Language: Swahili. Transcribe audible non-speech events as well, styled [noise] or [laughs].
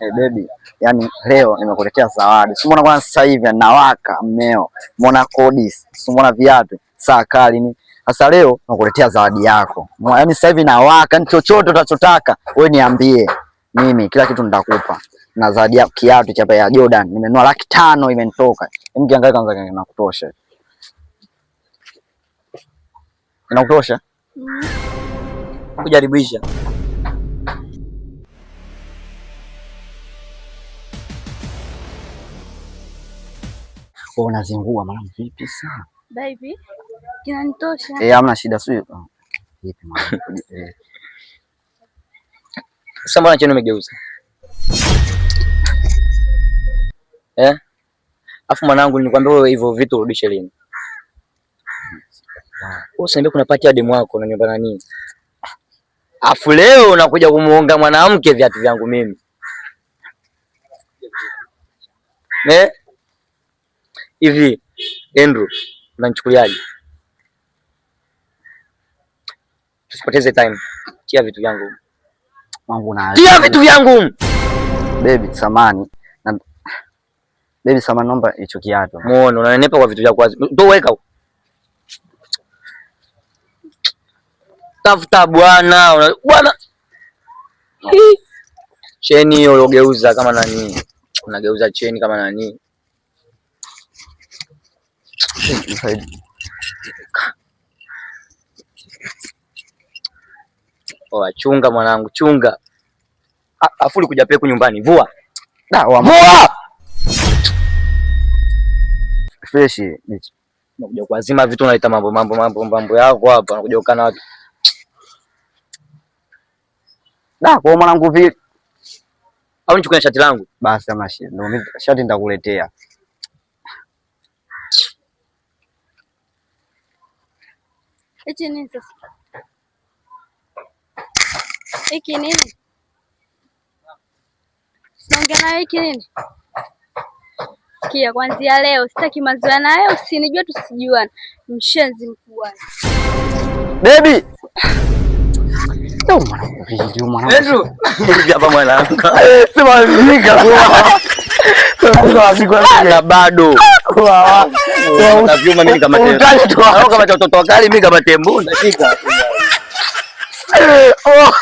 hey baby, yani leo nimekuletea zawadi. Si Simona kwanza sasa hivi nawaka mmeo, muona kodi, si simona viatu, saa kali ni sasa. Leo nakuletea zawadi yako, yani sasa hivi nawaka, ni yaani chochote utachotaka wewe niambie mimi, kila kitu nitakupa. Na zawadi ya kiatu cha ya Jordan nimenua laki tano, imenitoka Hebu mkiangalia kwanza, kinakutosha inakutosha mm. kujaribisha mm Unazingua mara vipi sana baby, kinanitosha. Eh, hamna shida, sio vipi mwanangu. [laughs] Eh. Sasa mbona umegeuza eh? Afu mwanangu, nilikwambia wewe hivyo vitu urudishe lini? Usiniambie kuna pati ya demu wako na nyumba nani? afu leo unakuja kumuonga mwanamke viatu vyangu mimi eh? Hivi Andrew, unanichukuliaje? Tusipoteze time, tia vitu vyangu Mungu na tia vitu vyangu baby, samani na baby, samani, naomba hicho kiatu. Muone unanenepa kwa vitu vyako, ndio weka tafuta bwana bwana, cheni hiyo kama nani, unageuza cheni kama nani Oa, oh, chunga mwanangu, chunga ah, afuli kuja peku nyumbani, vua vua fresh. Unakuja kuazima vitu, unaleta mambo mambo mambo mambo yako hapa, nakuja ukana watu da kwa mwanangu vile au nichukue shati langu basi, ama shati ndakuletea Hichi nini sasa? Hiki nini? Songe nayo hiki nini? Sikia, kwanzia leo sitaki mazoea na wewe, usinijue tusijuane, mshenzi mkubwa. Baby. Ndio Mwanangu. Mwanangu. Eh, sema kwa [laughs] Ah, bado kama ah, ah, watoto wakali, mimi kama tembo nashika eh, oh.